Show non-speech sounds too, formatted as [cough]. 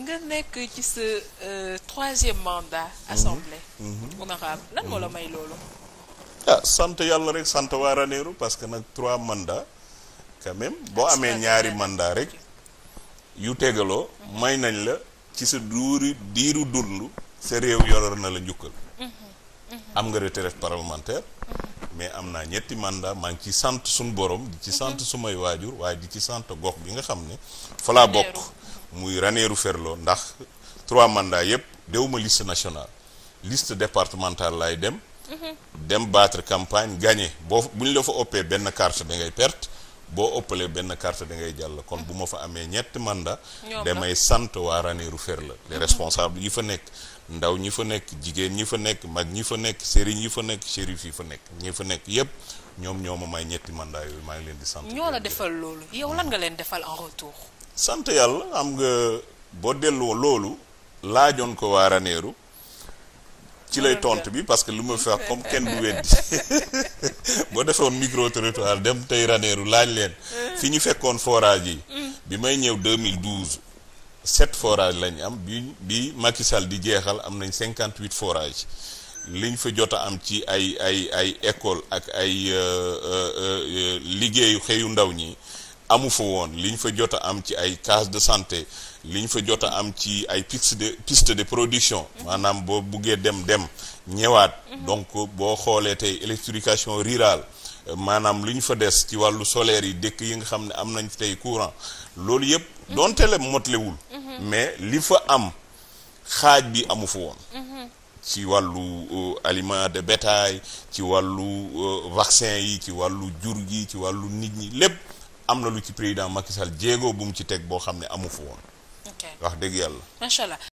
nga nekk ci sa euh, troisième mandat. Mhm. assemblée. honorable mhm. lan moo la mhm. may loolu. Ah, sant yàlla rek sant waa Ranérou parce que nag trois mandats quand boo amee ñaari mandat rek yu tegaloo may nañ la ci sa duuri diiru dund sa réew yoroon na la njukkal. am nga retraite parlementaire. mais am naa ñetti mandat maa ngi ci sant suñ borom di ci sant sumay waajur waaye di ci sant gox bi nga xam ne fa laa bokk muy Ranérou Ferlo ndax trois mandats yëpp dewuma liste national liste départementale laay dem dem battre campagne gagné boo bu ñu la fa ëppee benn carte da ngay perte boo ëppalee benn carte da ngay jàll kon bu ma fa amee ñetti mandat damay sant waa Ranérou la les responsables yi fa nekk ndaw ñi fa nekk jigéen ñi fa nekk mag ñi fa nekk sëriñ yi fa nekk shérif yi fa nekk ñi fa nekk yépp ñoom ñoo ma may ñetti mandat yooyu maa ngi leen di sant ñoo la defal loolu leen defal en sant yàlla am nga boo delloo loolu laajoon ko waa raneeru ci lay tontu bi parce que lu ma fex comme kenn du weddi [laughs] boo defoon micro territoire dem tey Ranéeru laaj leen fi ñu fekkoon forage yi bi may ñëw 2012 sept forage lañ am bi bi Macky Sall di jeexal am nañ 58 forage liñ fa jot a am ci ay ay ay école ak ay euh, euh, euh, liggéeyu xëyu ndaw ñi amu fa woon li ñu fa jot a am ci ay case de santé li ñu fa jot a am ci ay piste de piste de production mhm. maanaam boo buggee dem dem ñëwaat mhm. donc boo xoolee tey électrification rurale maanaam li ñu fa des ci wàllu solaire yi dëkk yi nga xam ne am nañ fi tey courant loolu yëpp mhm. donte la motlewul mais li fa am xaaj bi amu fa woon ci wàllu euh, aliment de bétail ci wàllu euh, vaccin yi ci wàllu jur gi ci wàllu nit ñi lépp am na lu ci président Macky Sall jéego bu mu ci teg boo xam ne amu fu woon. wax dëgg yàlla. macha allah.